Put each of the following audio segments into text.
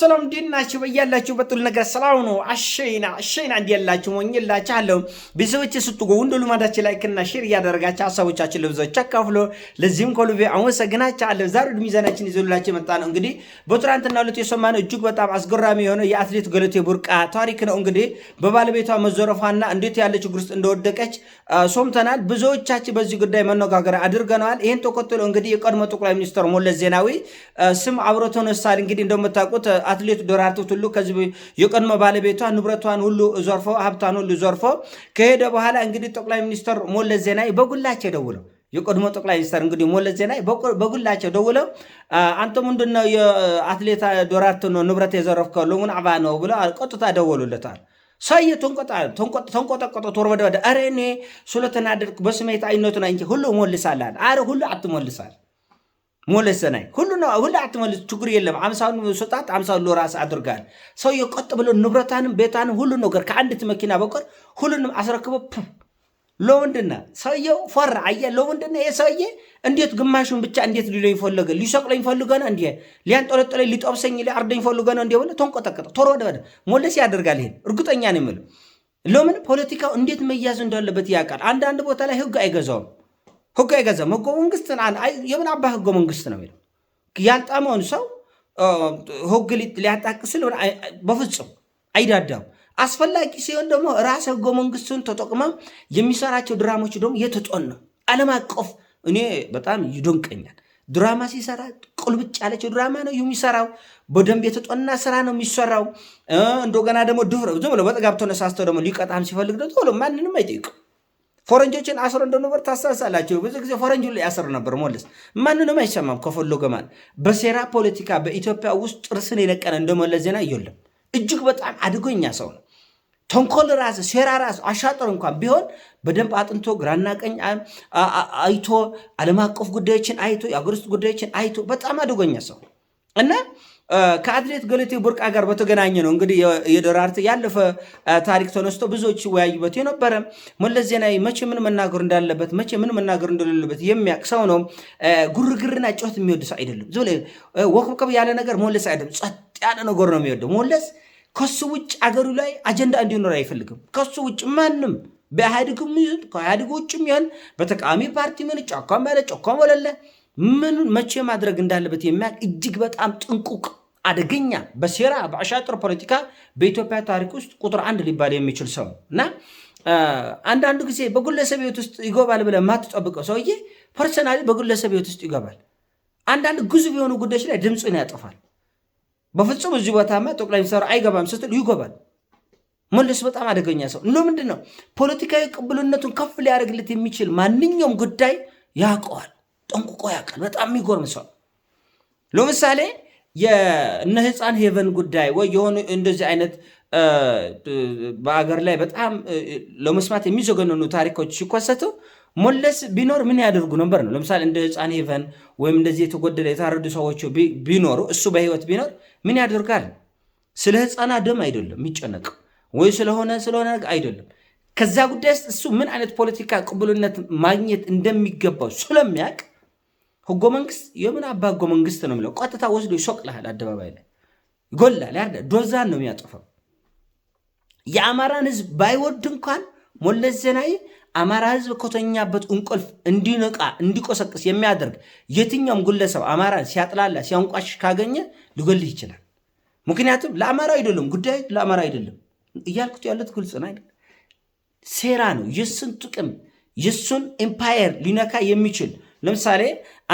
ሰላም እንዴት ናችሁ? በያላችሁ በጥል ነገር ሰላም ነው። አሸይና አሸይና እንዴት ያላችሁ ሞኝላችኋለሁ። ቤተሰቦች ስትጎ እንደ ልማዳችሁ ላይክና ሼር እያደረጋችሁ ሀሳቦቻችን ለብዙዎች አካፍሎ ለዚህም ኮልቤ አመሰግናችኋለሁ። ዛሬ ሚዛናችን ይዘሉላችሁ መጣ ነው። እንግዲህ በትናንትናው ዕለት የሰማነው እጅግ በጣም አስገራሚ የሆነ የአትሌት ገለቴ ቡርቃ ታሪክ ነው። እንግዲህ በባለቤቷ መዘረፏና እንዴት ያለ ችግር ውስጥ እንደወደቀች ሶምተናል። ብዙዎቻችን በዚህ ጉዳይ መነጋገር አድርገነዋል። ይህን ተከትሎ እንግዲህ የቀድሞ ጠቅላይ ሚኒስትር መለስ ዜናዊ ስም አብሮ ተነሳል። እንግዲህ እንደምታውቁት አትሌት ዶራርቱ ቱሉ ከዚህ የቀድሞ ባለቤቷ ንብረቷን ሁሉ ዘርፎ ሀብቷን ሁሉ ዘርፎ ከሄደ በኋላ እንግዲህ ጠቅላይ ሚኒስትር መለስ ዜናዊ በጉላቸው ደውለው የቀድሞ ጠቅላይ ሚኒስትር እንግዲህ መለስ ዜናዊ በጉላቸው ደውለው አንተ ምንድነው የአትሌት ዶራርቱ ነው ንብረት የዘረፍከው ሎሙን አባ ነው ብለው ቀጥታ ደወሉለታል። ሰየ ተንቆጠቆጠ ተወርበደ ወደ አረ እኔ ስለተናደድኩ በስሜት አይነቱን እንጂ ሁሉ ሞልሳላል። አረ ሁሉ አትሞልሳል ሞለሰናይ ሁሉ ሁሉ አትመልስ ችግር የለም። አምሳውን ስጣት አምሳውን ሎራስ ኣድርጋል ሰውየ ቆጥ ብሎ ንብረታንም ቤታንም ሁሉ ነገር ከአንዲት መኪና በቀር ሁሉንም ኣስረክቦ ለወንድና ሰውየው ፈራ። አየ ለወንድና የ ሰውየ እንዴት ግማሹን ብቻ እንዴት ሊለኝ ይፈለገ ሊሰቅሎ ፈልገ ነው ሊያን ጠለጠለ ሊጠብሰኝ ሊያርደኝ ፈልገ ነው እንዲ ብለ ተንቆጠቀጠ። ቶሮ ወደ ሞለስ ያደርጋል። ይሄን እርግጠኛ ነው የምልህ። ለምን ፖለቲካው እንዴት መያዝ እንዳለበት ያውቃል። አንዳንድ ቦታ ላይ ህግ አይገዛውም። ህጎ የገንዘብ ህጎ መንግስት የምን አባ ህጎ መንግስት ነው የሚለው ያልጣመውን ሰው ህግ ሊያጣቅስል ሊሆን በፍጹም አይዳዳም። አስፈላጊ ሲሆን ደግሞ ራስ ህገ መንግስቱን ተጠቅመ የሚሰራቸው ድራማዎች ደግሞ የተጦን ነው። ዓለም አቀፍ እኔ በጣም ይደንቀኛል። ድራማ ሲሰራ ቁልብጭ ያለችው ድራማ ነው የሚሰራው። በደንብ የተጦና ስራ ነው የሚሰራው። እንደገና ደግሞ ድፍረ ዝም ብሎ በጥጋብ ተነሳስተው ደግሞ ሊቀጣም ሲፈልግ ቶሎ ማንንም አይጠይቅም። ፈረንጆችን አስሮ እንደነበር ታሳሳላቸው። ብዙ ጊዜ ፈረንጅ ሁሉ ያስር ነበር። መለስ ማንንም አይሰማም ከፈለገ ማን በሴራ ፖለቲካ በኢትዮጵያ ውስጥ ጥርስን የለቀነ እንደሞለ ዜና የለም። እጅግ በጣም አደገኛ ሰው ነው። ተንኮል ራስ ሴራ ራስ አሻጥር እንኳን ቢሆን በደንብ አጥንቶ ግራና ቀኝ አይቶ ዓለም አቀፍ ጉዳዮችን አይቶ የአገር ውስጥ ጉዳዮችን አይቶ በጣም አደገኛ ሰው እና ከአትሌት ገለቴ ቡርቃ ጋር በተገናኘ ነው እንግዲህ የደራርት ያለፈ ታሪክ ተነስቶ ብዙዎች ይወያዩበት የነበረ መለስ ዜናዊ መቼ ምን መናገር እንዳለበት መቼ ምን መናገር እንደሌለበት የሚያውቅ ሰው ነው። ጉርግርና ጮት የሚወድ ሰው አይደለም። ዝ ወቅብቅብ ያለ ነገር መለስ አይደለም። ጸጥ ያለ ነገር ነው የሚወደው መለስ። ከሱ ውጭ አገሩ ላይ አጀንዳ እንዲኖር አይፈልግም። ከሱ ውጭ ማንም በኢህአዴግም ይሁን ከኢህአዴግ ውጭም ይሁን በተቃዋሚ ፓርቲ ምን ጫካ ያለ ጫካ ወለለ ምን መቼ ማድረግ እንዳለበት የሚያውቅ እጅግ በጣም ጥንቁቅ አደገኛ በሴራ በአሻጥር ፖለቲካ በኢትዮጵያ ታሪክ ውስጥ ቁጥር አንድ ሊባል የሚችል ሰው እና አንዳንዱ ጊዜ በግለሰብ ቤት ውስጥ ይገባል ብለህ የማትጠብቀው ሰውዬ ፐርሰናሊ በግለሰብ ቤት ውስጥ ይገባል። አንዳንድ ግዙፍ የሆኑ ጉዳዮች ላይ ድምፁን ያጠፋል። በፍጹም እዚህ ቦታማ ጠቅላይ ሚኒስትሩ አይገባም ስትል ይገባል። መለስ በጣም አደገኛ ሰው እንደ ምንድን ነው ፖለቲካዊ ቅብልነቱን ከፍ ሊያደርግለት የሚችል ማንኛውም ጉዳይ ያውቀዋል፣ ጠንቁቆ ያውቃል። በጣም የሚጎርም ሰው ለምሳሌ የእነ ህፃን ሄቨን ጉዳይ ወይ የሆኑ እንደዚህ አይነት በአገር ላይ በጣም ለመስማት የሚዘገነኑ ታሪኮች ሲኮሰቱ ሞለስ ቢኖር ምን ያደርጉ ነበር ነው። ለምሳሌ እንደ ህፃን ሄቨን ወይም እንደዚህ የተጎደለ የታረዱ ሰዎች ቢኖሩ እሱ በህይወት ቢኖር ምን ያደርጋል? ስለ ህፃና ደም አይደለም የሚጨነቅ ወይ ስለሆነ ስለሆነ አይደለም። ከዛ ጉዳይ ውስጥ እሱ ምን አይነት ፖለቲካ ቅቡልነት ማግኘት እንደሚገባው ስለሚያውቅ ህጎ መንግስት የምን አባ ህጎ መንግስት ነው የሚለው ቀጥታ ወስዶ ይሾቅልሃል፣ አደባባይ ላይ ይጎላል፣ ያ ዶዛን ነው የሚያጠፋው። የአማራን ህዝብ ባይወድ እንኳን ሞለስ ዜናዊ አማራ ህዝብ ከተኛበት እንቅልፍ እንዲነቃ እንዲቆሰቅስ የሚያደርግ የትኛውም ግለሰብ አማራን ሲያጥላላ ሲያንቋሽ ካገኘ ሊገልህ ይችላል። ምክንያቱም ለአማራ አይደለም ጉዳይ ለአማራ አይደለም እያልኩት ያለት ግልጽ ነው ሴራ ነው። የሱን ጥቅም የሱን ኤምፓየር ሊነካ የሚችል ለምሳሌ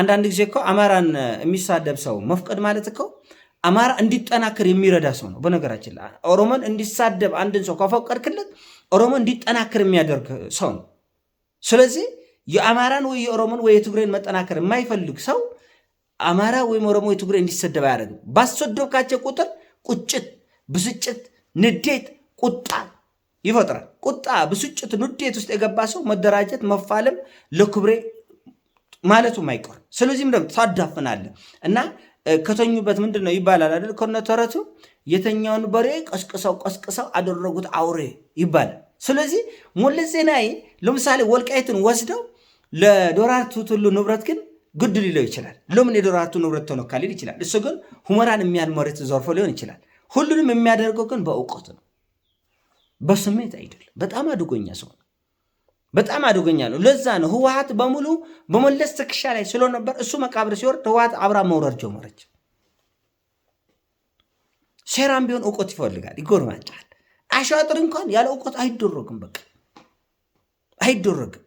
አንዳንድ ጊዜ እኮ አማራን የሚሳደብ ሰው መፍቀድ ማለት እኮ አማራ እንዲጠናከር የሚረዳ ሰው ነው። በነገራችን ላይ ኦሮሞን እንዲሳደብ አንድን ሰው ከፈቀድክለት ኦሮሞ እንዲጠናከር የሚያደርግ ሰው ነው። ስለዚህ የአማራን ወይ የኦሮሞን ወይ የትግሬን መጠናከር የማይፈልግ ሰው አማራ ወይም ኦሮሞ የትግሬ እንዲሰደብ አያደርግም። ባስሰደብካቸው ቁጥር ቁጭት፣ ብስጭት፣ ንዴት፣ ቁጣ ይፈጥራል። ቁጣ፣ ብስጭት፣ ንዴት ውስጥ የገባ ሰው መደራጀት፣ መፋለም ለክብሬ ማለቱም አይቀር። ስለዚህም ደግሞ ታዳፍናለህ እና ከተኙበት ምንድን ነው ይባላል አይደል? ከነ ተረቱ የተኛውን በሬ ቀስቅሰው ቀስቅሰው አደረጉት አውሬ ይባላል። ስለዚህ ሙልት ዜናዊ ለምሳሌ ወልቃይትን ወስደው ለዶራቱ ቱሉ ንብረት ግን ግድ ሊለው ይችላል። ለምን የዶራቱ ንብረት ተነካ ሊል ይችላል። እሱ ግን ሁመራን የሚያል መሬት ዘርፎ ሊሆን ይችላል። ሁሉንም የሚያደርገው ግን በእውቀት ነው፣ በስሜት አይደለም። በጣም አድጎኛ ሰው ነው። በጣም አደገኛ ነው። ለዛ ነው ህወሀት በሙሉ በመለስ ትከሻ ላይ ስለነበር እሱ መቃብር ሲወርድ ህወሀት አብራ መውረድ ጀመረች። ሴራም ቢሆን እውቀት ይፈልጋል፣ ይጎርማጫል። አሻጥር እንኳን ያለ እውቀት አይደረግም፣ በቃ አይደረግም።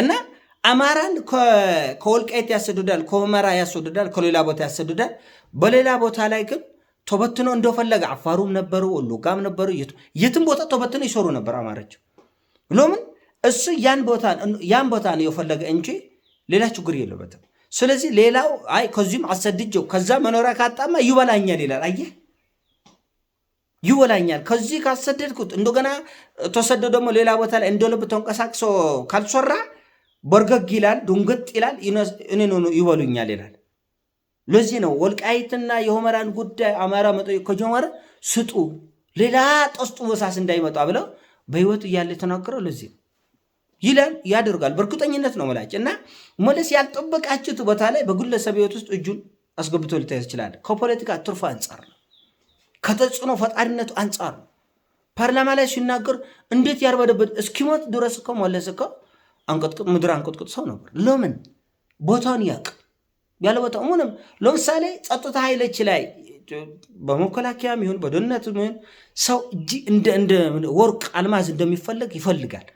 እና አማራን ከወልቃይት ያሰደዳል፣ ከሁመራ ያሰደዳል፣ ከሌላ ቦታ ያሰደዳል። በሌላ ቦታ ላይ ግን ተበትኖ እንደፈለገ አፋሩም ነበሩ፣ ወሎጋም ነበሩ፣ የትም ቦታ ተበትኖ ይሰሩ ነበር አማራቸው ሎምን እሱ ያን ቦታ ነው የፈለገ እንጂ ሌላ ችግር የለበትም። ስለዚህ ሌላው አይ ከዚሁም አሰድጀው ከዛ መኖሪያ ካጣማ ይበላኛል ይላል። አየህ ይወላኛል ከዚህ ካሰደድኩት እንደገና ተሰዶ ደግሞ ሌላ ቦታ ላይ እንደልብ ተንቀሳቅሶ ካልሰራ በርገግ ይላል፣ ድንግጥ ይላል፣ እኔን ይበሉኛል ይላል። ለዚህ ነው ወልቃይትና የሆመራን ጉዳይ አማራ መጠየቅ ከጀመረ ስጡ ሌላ ጦስጡ ወሳስ እንዳይመጣ ብለው በህይወት እያለ የተናገረው ለዚህ ነው። ይለን ያደርጋል። በእርግጠኝነት ነው መላጭ እና መለስ ያልጠበቃችሁት ቦታ ላይ በግለሰብ ህይወት ውስጥ እጁን አስገብቶ ሊታይ ይችላል። ከፖለቲካ ትርፍ አንጻር ነው፣ ከተጽዕኖ ፈጣሪነቱ አንጻር ነው። ፓርላማ ላይ ሲናገር እንዴት ያርበደበት እስኪሞት ድረስ እኮ መለስ እኮ ምድር አንቀጥቅጥ ሰው ነበር። ለምን ቦታውን ያቅ ያለ ቦታ ምንም ለምሳሌ ጸጥታ ኃይሎች ላይ በመከላከያም ይሁን በደህንነትም ይሁን ሰው እጅ እንደ ወርቅ አልማዝ እንደሚፈለግ ይፈልጋል።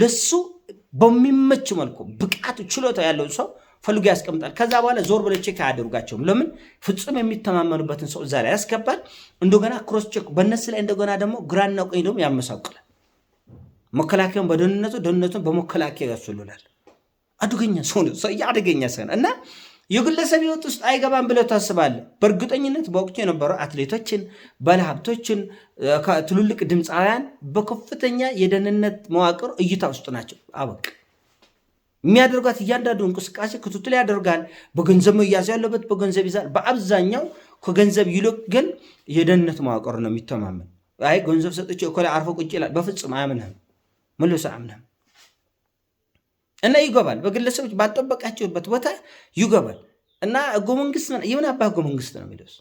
ለሱ በሚመች መልኩ ብቃቱ ችሎታ ያለውን ሰው ፈልጎ ያስቀምጣል። ከዛ በኋላ ዞር ብለ ቼክ አያደርጋቸውም። ለምን ፍጹም የሚተማመኑበትን ሰው እዛ ላይ ያስገባል። እንደገና ክሮስ ቼክ በነሱ ላይ እንደገና ደግሞ ግራና ቀኝ ደግሞ ያመሳቅላል። መከላከያን በደህንነቱ ደህንነቱን በመከላከያ ያስሉላል። አደገኛ ሰው ነው። ሰውዬ አደገኛ ሰው ነው እና የግለሰብ ህይወት ውስጥ አይገባም ብለው ታስባለ። በእርግጠኝነት በወቅቱ የነበሩ አትሌቶችን፣ ባለሀብቶችን፣ ትልልቅ ድምፃውያን በከፍተኛ የደህንነት መዋቅር እይታ ውስጥ ናቸው። አበቅ የሚያደርጓት እያንዳንዱ እንቅስቃሴ ክትትል ያደርጋል። በገንዘብ መያዝ ያለበት በገንዘብ ይዛል። በአብዛኛው ከገንዘብ ይልቅ ግን የደህንነት መዋቅር ነው የሚተማመን። አይ ገንዘብ ሰጥቼ እኮ ላይ አርፎ ቁጭ ይላል። በፍጹም አያምንህም፣ መልሶ አያምንህም። እና ይገባል። በግለሰቦች ባልጠበቃቸውበት ቦታ ይገባል። እና ህገ መንግስት የምን አባ ህገ መንግስት ነው የሚለብስ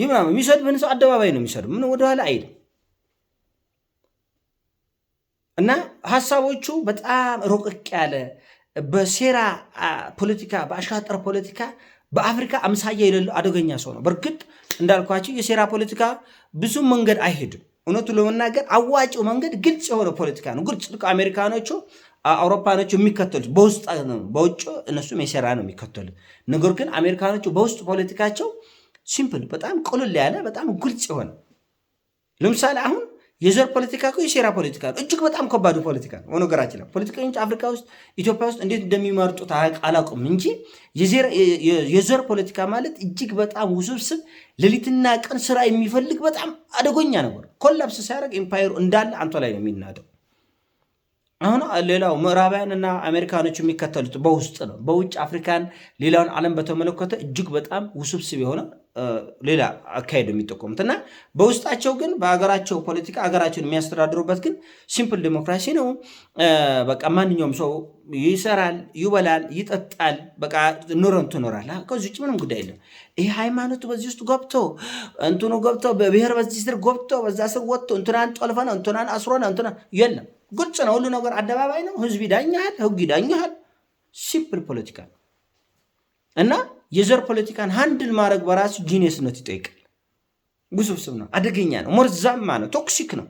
ይህ ምናምን የሚሰድብህን ሰው አደባባይ ነው የሚሰድብ። ምን ወደኋላ አይልም። እና ሀሳቦቹ በጣም ሮቅቅ ያለ በሴራ ፖለቲካ፣ በአሻጠር ፖለቲካ በአፍሪካ አምሳያ የሌለው አደገኛ ሰው ነው። በእርግጥ እንዳልኳቸው የሴራ ፖለቲካ ብዙ መንገድ አይሄድም። እውነቱ ለመናገር አዋጭው መንገድ ግልጽ የሆነ ፖለቲካ ነው። ግልጽ አሜሪካኖቹ አውሮፓኖች የሚከተሉት በውስጥ ነው፣ በውጭ እነሱ ሜሴራ ነው የሚከተሉት። ነገር ግን አሜሪካኖቹ በውስጥ ፖለቲካቸው ሲምፕል፣ በጣም ቁልል ያለ፣ በጣም ግልጽ የሆነ ለምሳሌ አሁን የዘር ፖለቲካ እኮ የሴራ ፖለቲካ ነው። እጅግ በጣም ከባዱ ፖለቲካ ነው። ነገራችን ላይ ፖለቲከኞች አፍሪካ ውስጥ ኢትዮጵያ ውስጥ እንዴት እንደሚመርጡት አላውቅም እንጂ የዘር ፖለቲካ ማለት እጅግ በጣም ውስብስብ ሌሊትና ቀን ስራ የሚፈልግ በጣም አደገኛ ነገር። ኮላፕስ ሲያደርግ ኢምፓየሩ እንዳለ አንቶ ላይ ነው የሚናደው። አሁን ሌላው ምዕራባውያን እና አሜሪካኖች የሚከተሉት በውስጥ ነው። በውጭ አፍሪካን ሌላውን ዓለም በተመለከተ እጅግ በጣም ውስብስብ የሆነ ሌላ አካሄድ የሚጠቆሙት እና በውስጣቸው ግን በሀገራቸው ፖለቲካ ሀገራቸውን የሚያስተዳድሩበት ግን ሲምፕል ዲሞክራሲ ነው። በቃ ማንኛውም ሰው ይሰራል፣ ይበላል፣ ይጠጣል፣ በቃ ኑረን ትኖራል። ከዚህ ውጭ ምንም ጉዳይ የለም። ይህ ሃይማኖቱ በዚህ ውስጥ ገብቶ እንትኑ ገብቶ በብሔር በዚህ ስር ገብቶ በዛ ስር ወጥቶ እንትናን ጠልፈ ነው እንትናን አስሮ ነው እንትና የለም። ግልጽ ነው። ሁሉ ነገር አደባባይ ነው። ህዝብ ይዳኛል፣ ህግ ይዳኛል። ሲምፕል ፖለቲካ ነው እና የዘር ፖለቲካን ሃንድል ማድረግ በራሱ ጂኒየስነት ይጠይቃል። ውስብስብ ነው፣ አደገኛ ነው፣ መርዛማ ነው፣ ቶክሲክ ነው።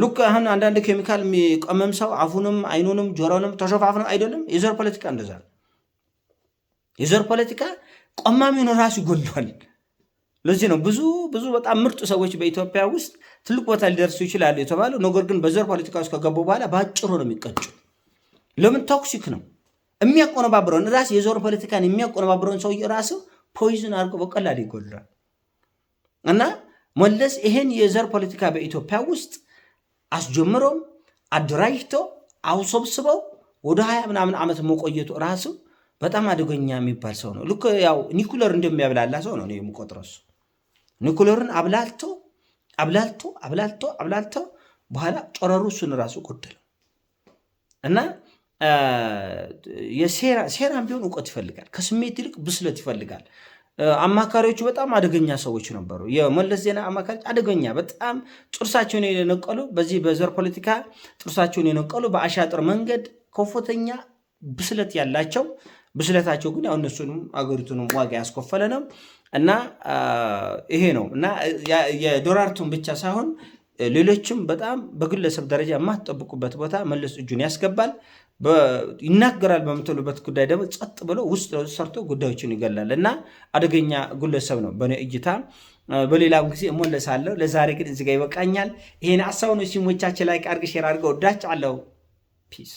ልክ አሁን አንዳንድ ኬሚካል የሚቀመም ሰው አፉንም አይኑንም ጆሮንም ተሸፋፍነው አይደለም። የዘር ፖለቲካ እንደዛ ነው። የዘር ፖለቲካ ቆማሚ ነው፣ ራሱ ይጎድሏል። ለዚህ ነው ብዙ ብዙ በጣም ምርጡ ሰዎች በኢትዮጵያ ውስጥ ትልቅ ቦታ ሊደርሱ ይችላሉ የተባሉ ነገር ግን በዘር ፖለቲካ ውስጥ ከገቡ በኋላ በአጭሩ ነው የሚቀጩ። ለምን? ቶክሲክ ነው። የሚያቆነባብረውን ራስ የዞር ፖለቲካን የሚያቆነባብረውን ሰውየ ራሱ ፖይዝን አድርጎ በቀላል ይጎድራል እና መለስ ይሄን የዘር ፖለቲካ በኢትዮጵያ ውስጥ አስጀምሮ አደራጅቶ አውሰብስበው ወደ ሀያ ምናምን ዓመት መቆየቱ ራሱ በጣም አደገኛ የሚባል ሰው ነው። ልክ ያው ኒኩለር እንደሚያብላላ ሰው ነው የምቆጥረው። ኒኩለርን አብላልቶ አብላልቶ አብላልቶ አብላልቶ በኋላ ጨረሩ እሱን ራሱ ጎደለው እና ሴራም ቢሆን እውቀት ይፈልጋል። ከስሜት ይልቅ ብስለት ይፈልጋል። አማካሪዎቹ በጣም አደገኛ ሰዎች ነበሩ። የመለስ ዜና አማካሪዎች አደገኛ፣ በጣም ጥርሳቸውን የነቀሉ በዚህ በዘር ፖለቲካ ጥርሳቸውን የነቀሉ በአሻጥር መንገድ ከፍተኛ ብስለት ያላቸው ብስለታቸው ግን ያው እነሱንም አገሪቱንም ዋጋ ያስከፈለ ነው እና ይሄ ነው እና የዶራርቱን ብቻ ሳይሆን ሌሎችም በጣም በግለሰብ ደረጃ የማትጠብቁበት ቦታ መለስ እጁን ያስገባል። ይናገራል በምትሉበት ጉዳይ ደግሞ ጸጥ ብሎ ውስጥ ሰርቶ ጉዳዮችን ይገላል እና አደገኛ ግለሰብ ነው በእኔ እይታ። በሌላም ጊዜ እሞለሳለሁ። ለዛሬ ግን እዚጋ ይበቃኛል። ይሄን አሳውነ ሲሞቻችን ላይ ቃርግ ሼር አድርገው ወዳች አለው ፒስ